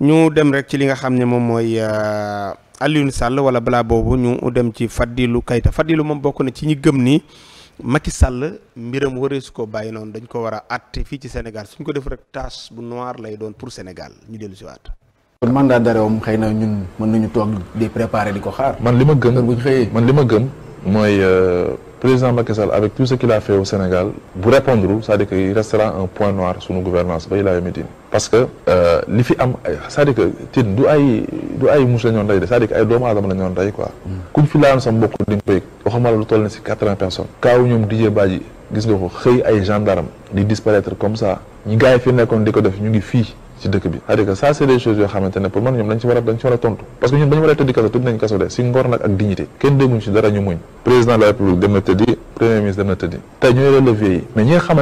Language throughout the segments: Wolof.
ñu dem rek ci li nga xam ne moom mooy euh, Alioune sàll wala balaa boobu ñu dem ci Fadilou Keita Fadilou moom bokk na ci ñi gëm ni Macky Sall mbiram waree su ko bàyyi noonu dañ ko war a àtte fii ci Sénégal suñ ko def rek tache bu noir lay doon pour Sénégal ñu dellu si waat. kon mandat xëy na ñun mën nañu toog di préparer di ko xaar. man li ma gëm buñ man li ma gëm mooy. Euh, président ma Sall avec tout ce qu'il a fait au Sénégal bu répondre cest à que il un point noir sunu gouvernance ba ilaa yawmi diin parce que euh, li fi am c'est-à-dire que tin du ay du ay mus la ñoon de cest à que ay doomu aadama la ñoon rey quoi kuñ fi laayoon sa mbokk di nga koy waxuma lu toll ne si quatre-vingts personnes kaaw ñoom Didier Badji gis nga ko xëy ay gendarme di disparaître comme ça ñi gars yi fi nekkoon di ko def ñu ngi fii ci dëkk bi c'est-à-dire que ça c'est des choses yoo xamante pour man ñoom dañ ci war a a tontu parce que ñun ba ñu war a tëddi kaso tëdd nañ kaso de si ngor nag ak dignité kenn dégguñ ci dara ñu muñ président la république dem na tëddi premier ministre dem na tëddi tey ñooy relevé yi mais ñi nga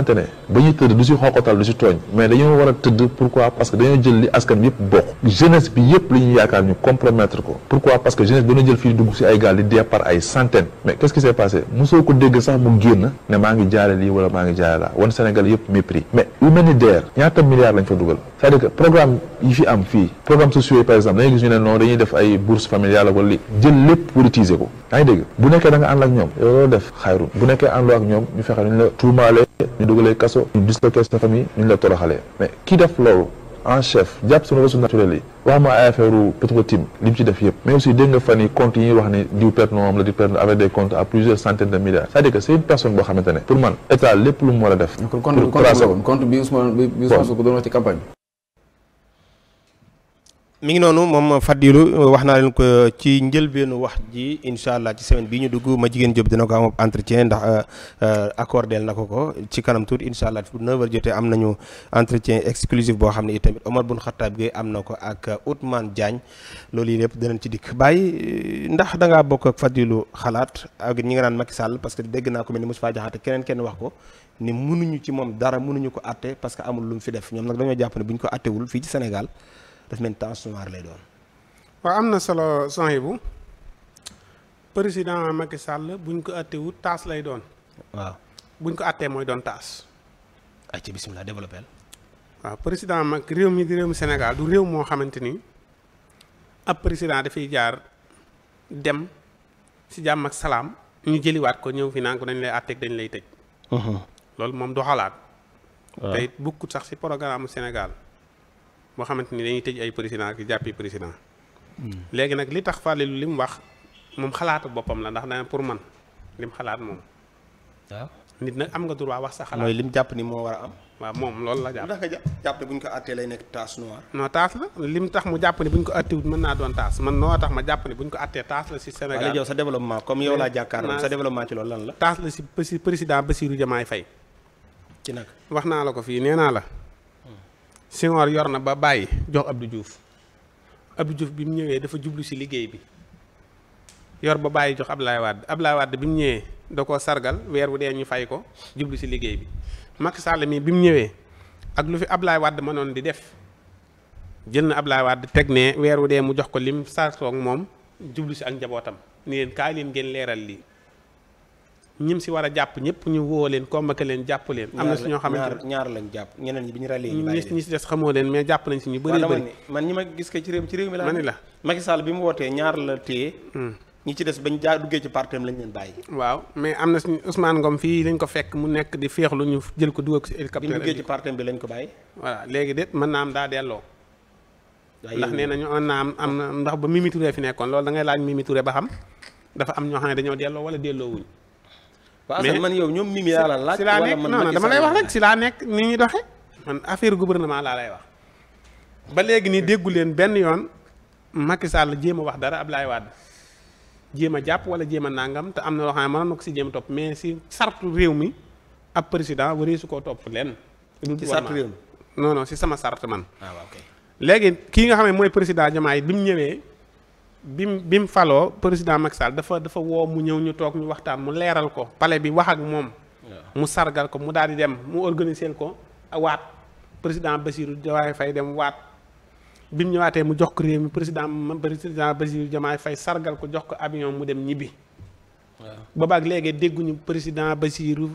ba ñuy tëdd du si xooqatal du si tooñ mais dañoo war a tëdd pourquoi parce que dañoo jël li askan bi bokk jeunesse bi yëpp li yaakaar ñu compromettre ko pourquoi parce que jeunesse bi dañoo c'est-à-dire que programme yi fi am fii programme sociaux par exemple dañuy gis ñu ne non dañuy def ay bourse familiale wala li jël lépp politiser ko yaa dégg bu nekkee da ànd ak ñoom yow loolu def xayrun bu nekkee àndoo ak ñoom ñu fexe ñu la tuumaale ñu dugalee kaso ñu disloqué sa famille ñu la toroxalee mais ki def loolu en chef jàpp suñu ressources naturelles yi wax ma ay affaire Petro-Tim li ci def yëpp mais aussi dégg nga fan yi a mi ngi noonu moom Fadilou wax naa leen ko ci njëlbeenu wax ji incha allah ci semaine bii ñu dugg ma jigéen Diop dina ko am entretien ndax euh, euh, accordé na ko ko ci kanam tuuti incha allah fu 9 jotee am nañu entretien exclusif boo xam ne itamit Omar Bun am na ko ak Outmane Diagne loolu yi lépp danañ ci dikk bàyyi ndax da ngaa bokk ak Fadilou xalaat ak ñi nga naan Macky Sall parce que dégg naa ko mel ni Moustapha Diakhaté keneen kenn wax ko ni mënuñu ci moom dara mënuñu ko atte parce que amul lu mu fi def ñoom nag dañoo jàpp ne bu ñu ko attewul fii ci Sénégal def mel temps noir lay doon. waaw am na solo bu président Macky sàll buñ ko àttewut taas lay doon. waaw buñ ko àttee mooy doon taas. ay ci bisimilah développé waaw président mag réew mi di réew mi Sénégal du réew moo xamante ni ab président dafay jaar dem si jàmm ak salaam ñu jëliwaat ko ñëw fi naan ko dañ lay àtteeg dañ lay tëj. Mhm. loolu moom du xalaat. waaw it bukkut sax si programme Sénégal. boo xamante ni dañuy tëj ay président ak jàppi président. Hmm. léegi nag li tax Fallou li mu wax moom xalaatu boppam la ndax dana pour man lim xalaat moom. waaw nit nag am nga droit wax sa xalaat. mooy lim jàpp ni moo war a am. waa moom loolu la jàpp. ndax nga ko àttee lay nekk taas noire. non taas la lim tax mu jàpp ne bu ñu ko àttee naa doon taas man noo tax ma jàpp ne bu ñu ko àttee taas la si Sénégal. wala yow sa développement comme yow laa jàkkaarloo sa développement ci loolu lan la. taas la si président Bassirou Diomaye ci nag wax naa la ko fii nee naa la Senghor yor na ba bàyyi jox Abdou juuf Abdou juuf bi mu ñëwee dafa jublu ci liggéey bi yor ba bàyyi jox Ablaye Wade Ablaye Wade bi mu ñëwee da koo sargal weer wu dee ñu fay ko jublu si liggéey bi Macky Sall mi bi mu ñëwee ak lu fi Ablaye Wade mënoon di def jël na Ablaye Wade teg ne weer wu dee mu jox ko lim sartoog moom jublu si ak njabootam ni leen kaay leen ngeen leeral li ñim si war a jàpp ñëpp ñu woo leen convoqué leen jàpp leen am na si ñoo xamante ñaar lañ jàpp ñeneen ñi bi ñu ràllee ñu bàyyi ñi si des xamoo leen mais man ñi ma gis ko ci réew ci wootee ñaar la hmm. ci des bañ jaa duggee ci partem lañ leen bàyyi waaw mais am na suñu Ousmane Ngom fii lañ ko fekk mu nekk di féexlu ñu jël ko dugal ko bi duggee ko bàyyi voilà léegi déet mën naa am daa delloo ndax nee nañu mën naa am am ndax ba Mimi Touré fi nekkoon loolu da ngay laaj Mimi Touré ba xam dafa am ñoo xam ne dañoo delloo wala delloo wuñ mais man yow ñoom mimi laa laaj. si laa nekk non dama lay wax rek si laa nekk ni ñuy doxee man affaire gouvernement laa lay wax. ba léegi nii déggu leen benn yoon Macky Sall jéem a wax dara Ablaye Wade jéem a jàpp wala jéem a nangam te am na loo xam ne mënoon na ko si jéem topp mais si sartu réew mi ab président waree su koo topp leen. ci sartu réew mi non non si sama sart man. Ah, waaw léegi kii nga xam ne mooy président Diomaye bi mu ñëwee. bi mu bi mu faloo président Macky dafa dafa woo mu ñëw ñu toog ñu waxtaan mu leeral ko pale bi wax ak moom. mu sargal ko mu daal di dem mu organiser ko waat président Bassirou Diomaye Faye dem waat. bi mu ñëwaatee mu jox ko réew mi président président Bassirou Diomaye Faye sargal ko jox ko avion mu dem ñibbi. waaw boobaag léegi dégguñu président Bassirou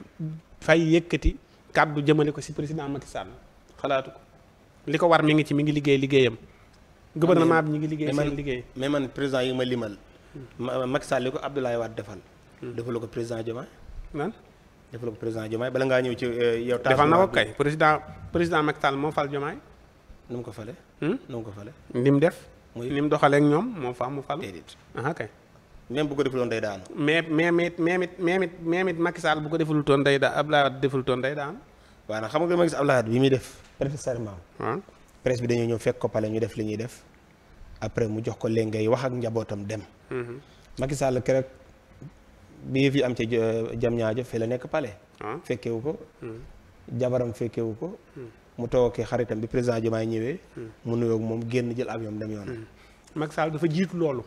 fay yëkkati kàddu jëmale ko si président Macky Sall xalaatu ko li ko war mu ngi ci mi ngi liggéey liggéeyam. gouvernement bi ñu ngi liggéey seen liggéey mais man président yi ma limal Macky Sall ko Abdoulaye waat defal hmm. defalu ko président Diomaye man defal ko président Diomaye bala ngaa ñëw ci euh, yow taas defal na ko kay président président Macky Sall moo fal Diomaye nu mu ko fale hmm? nu ko fale ni mu def ni mu doxalee ak ñoom moo fa mu fal déedéet aha kay même bu ko deful woon day daanu mais mais mais mais mais mais mais Macky Sall bu ko defulu toon day daan Abdoulaye Wade deful toon day daan waaw nag xam nga Macky Sall Abdoulaye Wade bi muy def préfet serment presse bi dañuy ñëw fekk ko pale ñu def li ñuy def après mu jox ko léegi ngay wax ak njabootam dem. Mhm. Macky Sall keroog bi fi am ca jam ñaajo fi la nekk pale ah. fekkewu ko. Mhm. jabaram fekkewu ko. Mhm. mu toog ak xaritam bi président Diomaye ñëwee. mu nuyoog moom génn jël avion dem yoon. Macky Sall dafa jiitu loolu.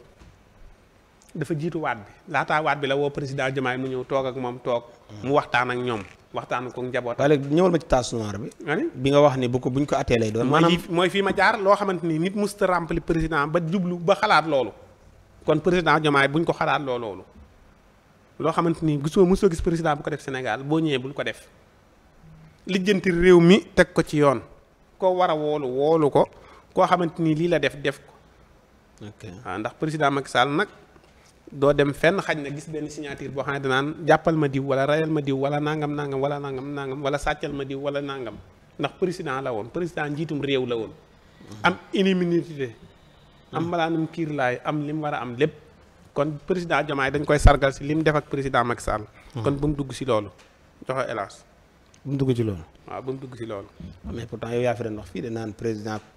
dafa jiitu waat bi laataa waat bi la woo président Diomaye mu ñëw toog ak moom toog. mu waxtaan ak ñoom. waxtaan ko njaboot waaye léegi ñëwal ma ci tasse noire bi. nga wax ni bu ko buñ ko attee lay doon. maanaam mooy fii ma jaar loo xamante ni nit musta rempli président ba jublu ba xalaat loolu. kon président Diomaye buñ ko xalaat loo loolu. loo xamante ni gisoo mosoo gis président bu ko def Sénégal boo ñëwee bul ko def. lijjanti réew mi teg ko ci yoon. koo war a woolu woolu ko. koo xamante ni lii la def def ko. ok waaw ndax président Macky nag. doo dem fenn xaj na gis benn signature boo xam ne danaan jàppal ma diw wala rayal ma diw wala nangam nangam wala nangam nangam wala sàccal ma diw wala nangam ndax président la woon président njiitum réew la woon. am inimmunité. am malaanum kiir laay am li mu war a am lépp. kon président Diomaye dañ koy sargal si li mu def ak président Macky Sall. Hmm. kon bu mu dugg si loolu joxe hélas. bu mu dugg ci loolu. waaw bu mu dugg si loolu. Ah, mais pourtant yow yaa fi doon wax fii danaan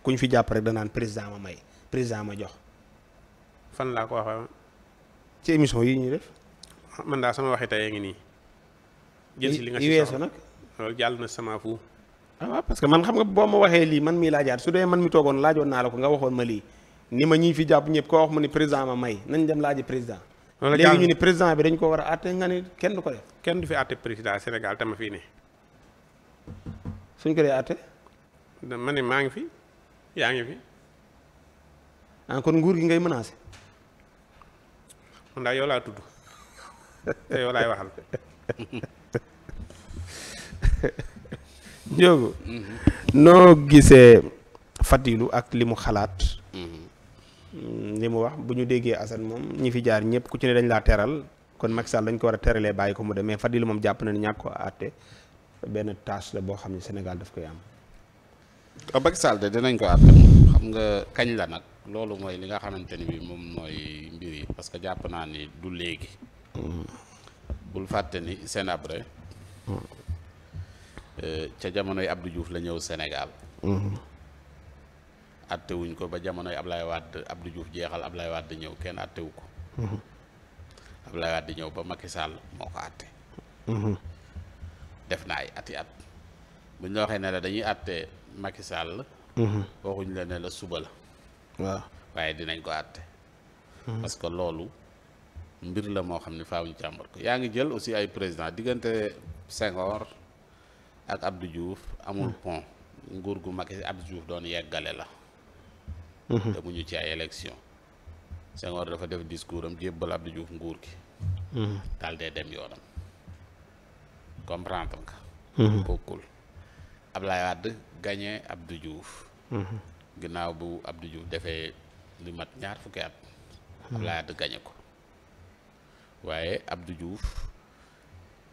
ku ñu fi jàpp danaan président ma may président ma jox. ci émission yi ñuy def. Ah, man daa sama waxee tey ngi nii. jël si li nga si weesu nag. loolu jàll na sama fu. ah waaw parce que man xam nga boo ma waxee lii man mii laajaat su dee man mi toogoon laajoon naa la ko nga waxoon ma lii ni ma ñii fi jàpp ñëpp ko wax mu ni président ma may nañ dem laaji président. loolu léegi ñu ni président bi dañ ko war a àtte nga ni kenn du ko def. kenn du fi àtte président Sénégal tama fii ne. suñ ko dee àtte. ma ne maa ngi fi yaa ngi fi. ah kon nguur gi ngay menacé. man daal yow laa tudd te yow laay waxal Ndiogou noo gisee Fadilou ak li mu xalaat li mu wax bu ñu déggee Assane moom ñi fi jaar ñëpp ku ci ne dañ laa teral kon Macky Sall dañ ko war a teralee bàyyi ko mu dem mais Fadilou moom jàpp na ne ñàkk ko àtte benn tâche la boo xam ne Sénégal daf koy am Macky Sall de dinañ ko àtte xam nga kañ la nag loolu mooy li nga xamante ni bi moom mooy mbir yi parce que jàpp naa ni du léegi bul fàtte ni Sénab rek euh, ca jamonoy Abdou juuf la ñëw senegal atte wuñ ko ba jamonoy Ablaye Wade Abdou juuf jeexal Ablaye Wade ñëw kenn attewu ko Ablaye Wade ñëw ba Macky Sall moo ko atte def na ay ati at buñ la waxee ne dañuy atte Macky Sall waxuñ la ne la suba la waaw waaye dinañ ko àtte. Hmm. parce que loolu mbir la moo xam ne faaw ñu càmbar ko yaa ngi jël aussi ay président diggante Senghor ak abdu juuf amul hmm. pont nguur gu Macky Abdou juuf doon yeggale la. Hmm. demuñu ci ay élection Senghor dafa def discours am jébbal Abdou juuf nguur gi. daal dee dem yoonam comprendre nga. bokkul Ablaye Wade gagné Abdou Diouf. ginnaaw bu abdu Diouf defee lu mat ñaar fukki at. Hmm. laa Wade gañe ko waaye abdu juuf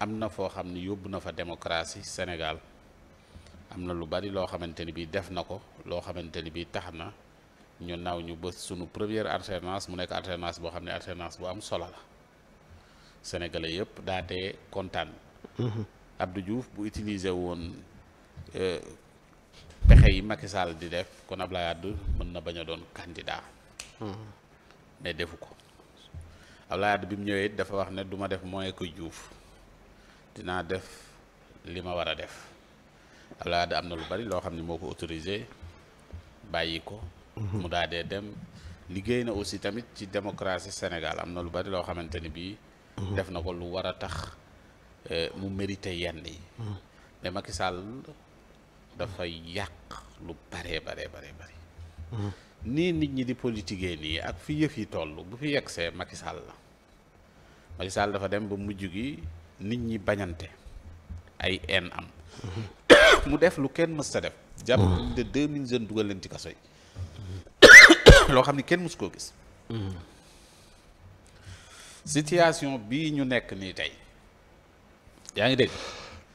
am na foo xam ni yóbbu na fa démocratie Sénégal am na lu bari loo xamante ni bii def na ko loo xamante ni bii tax na ñu naw ñu ba sunu première alternance mu nekk alternance boo xam ne alternance bu am solo la sénégalais yëpp daatee kontaan. Hmm. Abdou juuf bu utiliser woon. Euh, pexe yi Macky Sall di def kon Abdoulaye Wade mën na bañ a doon candidat. Hmm. mais defu ko Abdoulaye Wade bi mu ñëwee dafa wax ne du ma def mooy ko juuf dinaa def li ma war a def Abdoulaye Wade am na lu bari loo xam ne moo ko autorisé bàyyi ko. Hmm. mu daa dee dem liggéey na aussi tamit ci démocratie Sénégal am na lu bari loo xamante ni bii. Hmm. def na ko lu war a tax euh, mu mérité yenn yi. mais Macky dafa yàq lu bare bare bare nii nit ñi di politiquer nii ak fi yëf yi toll bu fi yegsee see Sall la Macky dafa dem ba mujj gi nit ñi bañante ay haine am mu def lu kenn mës sa def jàpp de deux mille jeunes ci kaso yi loo xam ne kenn mës koo gis situation bii ñu nekk nii tey yaa ngi dégg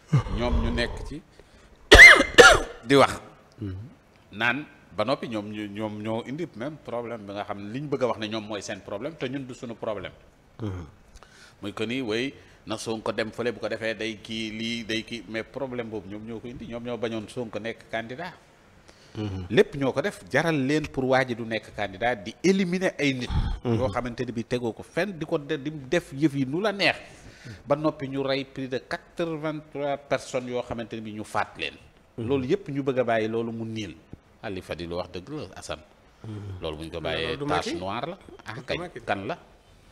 ñoom ñu nekk ci di wax mm-hmm. naan ba noppi ñoom ñu ñoom ñoo indi même problème bi nga xam ne li ñu bëgg a wax ne ñoom mooy seen problème te ñun du suñu problème mm-hmm. muy que ni way na Sonko dem fële bu ko defee day kii lii day kii mais problème boobu ñoom ñoo ko indi ñoom ñoo bañoon ko nekk candidat mm-hmm. lépp ñoo ko def jaral leen pour waa ji du nekk candidat di éliminer ay nit yoo xamante ni bi tegoo ko fenn di ko di def yëf yi nu la neex ba noppi ñu rey plus de quatre-vingt-trois personnes yoo xamante ni bi ñu faat leen Mhm. loolu yëpp ñu bëgg a bàyyi loolu mu niil Ali Fadilu wax dëgg la Assane. Mhm. loolu bu ñu ko bàyyee tache noire la ah kañ kan la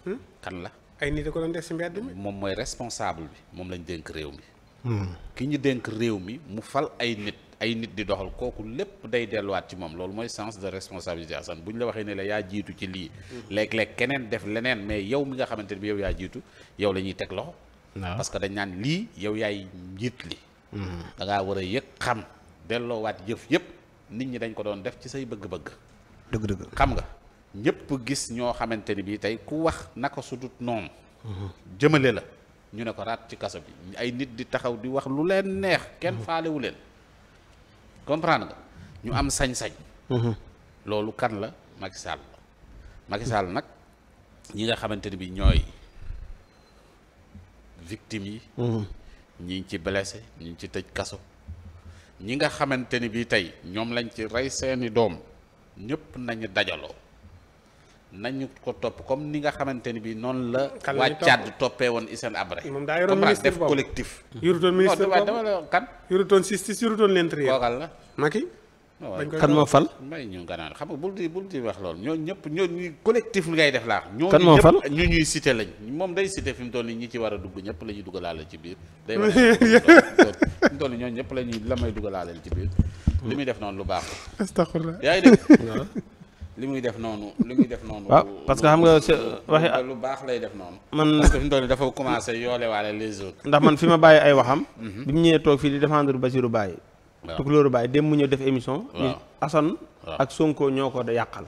hmm? kan la ay nit ko doon def ci moom mooy responsable bi moom lañ dénk réew mi hmm. ki ñu dénk réew mi mu fal ay nit ay nit di doxal kooku lépp day delluwaat ci moom loolu mooy sens de responsabilité Assane bu ñu la waxee ne la yaa jiitu ci lii hmm. léeg-léeg keneen def leneen mais yow mi nga xamante ne bi yow yaa jiitu yow la ñuy teg loxo parce que dañ naan lii yow yaay njiit li da ngaa war a yëg xam delloowaat jëf yépp nit ñi dañ ko doon def ci say bëgg-bëgg. dëgg xam nga ñëpp gis ñoo xamante ni bii tey ku wax naka su dut noonu. Mhm. jëmale la ñu ne ko raat ci kaso bi ay nit di taxaw di wax lu leen neex kenn mhm. faalewu leen comprendre nga ñu am sañ-sañ. Mhm. loolu kan la Macky Sall nag ñi nga xamante ni bi ñooy victime yi. ñi ngi ci blessé ñu ngi ci tëj kaso ñi nga xamante ni bii tey ñoom lañ ci rey seeni doom ñëpp nañu dajaloo nañu ko topp comme ni nga xamante ni bii noonu la. waa Tchad toppee woon Hissène Habré. moom daa yoroon ministre boobu def collectif. yurutoon la kan. yurutoon justice yurutoon l'intérieur. koogal la kan moo fal may ñu ganaar xam nga bul di bul di wax loolu ñoo ñëpp ñoo ñu collectif ngay def laa ñoo kan moo fal ñu ñuy cité lañ moom day cité fi mu toll nii ci war a dugg ñëpp la ñuy dugalaale ci biir day wax ñoo ñëpp la ñuy la may dugalaale ci biir li muy def noonu lu baax astaghfirullah yaa ngi dégg li muy def noonu li muy def noonu. waaw parce que xam nga waxe lu baax lay def noonu. man parce que fi mu toll dafa commencé yoolewaale les autres. ndax man fi ma bàyyi ay waxam. Mhm. bi mu ñëwee toog fii di défendre lu Baye. tukulóoru baay dem mu ñëw def émission ñu ak Sonko ñoo ko da yàqal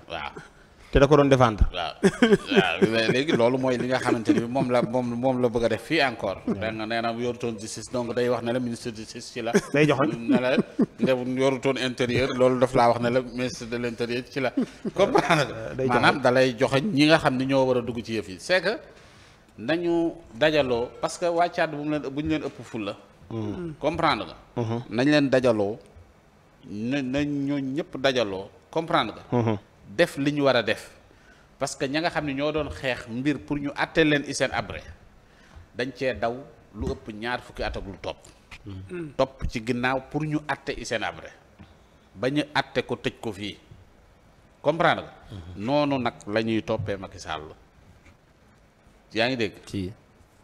te da ko doon défendre waaw waaw léegi loolu mooy li nga xamante ni moom la moom moom la bëgg a def fii encore da nga nee na yorutoon justice donc day wax ne la ministre de justice ci la day joxoñ ne la yorutoon intérieur loolu daf laa wax ne la ministre de l' intérieur ci la comprendre maanaam da lay joxoñ ñi nga xam ni ñoo war a dugg ci yëf yi c'est que nañu dajaloo parce que wàccaat bu mu leen bu ñu leen ëpp ful la comprendre nga. Uh-huh. nañ leen dajaloo na nañ ñooñu ñëpp dajaloo comprendre nga. Uh-huh. def li ñu war a def parce que ña nga xam ne ñoo doon xeex mbir pour ñu àtte leen seen Habré dañ cee daw lu ëpp ñaar fukki at ak lu topp. Mm. topp ci ginnaaw pour ñu àtte Hissène Habré ba ñu àtte ko tëj ko fii comprendre nga. Uh-huh. noonu nag la ñuy toppee Macky Sall yaa ngi dégg.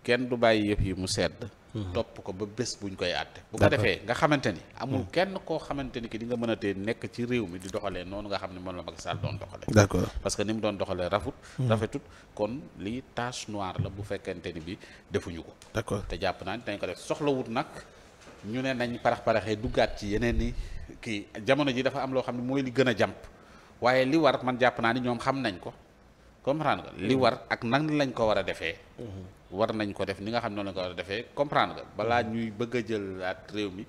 kenn du bàyyi yëf yi mu sedd. Mhm. topp ko ba bés buñ koy àtte bu ko defee nga xamante ni mhm. amul kenn koo xamante ni ki di nga mën a tee nekk ci réew mi di doxalee noonu nga xam ne moom la Macky Sall doon doxalee d'accord parce que ni mu doon doxalee rafut mhm. rafetut kon li tache noire la bu fekkente ni bi defuñu ko d'accord te jàpp naa ni dañ ko def soxlawut nag ñu ne nañ parax-paraxee duggaat ci yeneen ni kii jamono ji dafa am loo xam ne mooy li gën a jàmp waaye li war man jàpp naa ni ñoom xam nañ ko comprendre nga li mm. war ak nan lañ ko war a defee. Mm-hmm. war nañ ko def ni nga xam ne lañ ko war a defee comprendre nga balaa mm-hmm. ñuy bëgg a jël at réew mi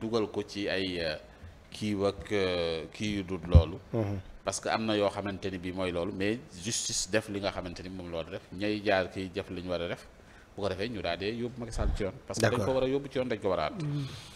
dugal ko ci ay euh, kii ak euh, kii yu dul loolu. Mm-hmm. parce que am na yoo xamante ni bii mooy loolu mais justice def li nga xamante ni moom la war a def ñay jaar kiy def li ñu war a def bu ko defee ñu daal di yóbbu Macky ci yoon. parce que ko war a yóbbu ci yoon dañ ko war a at.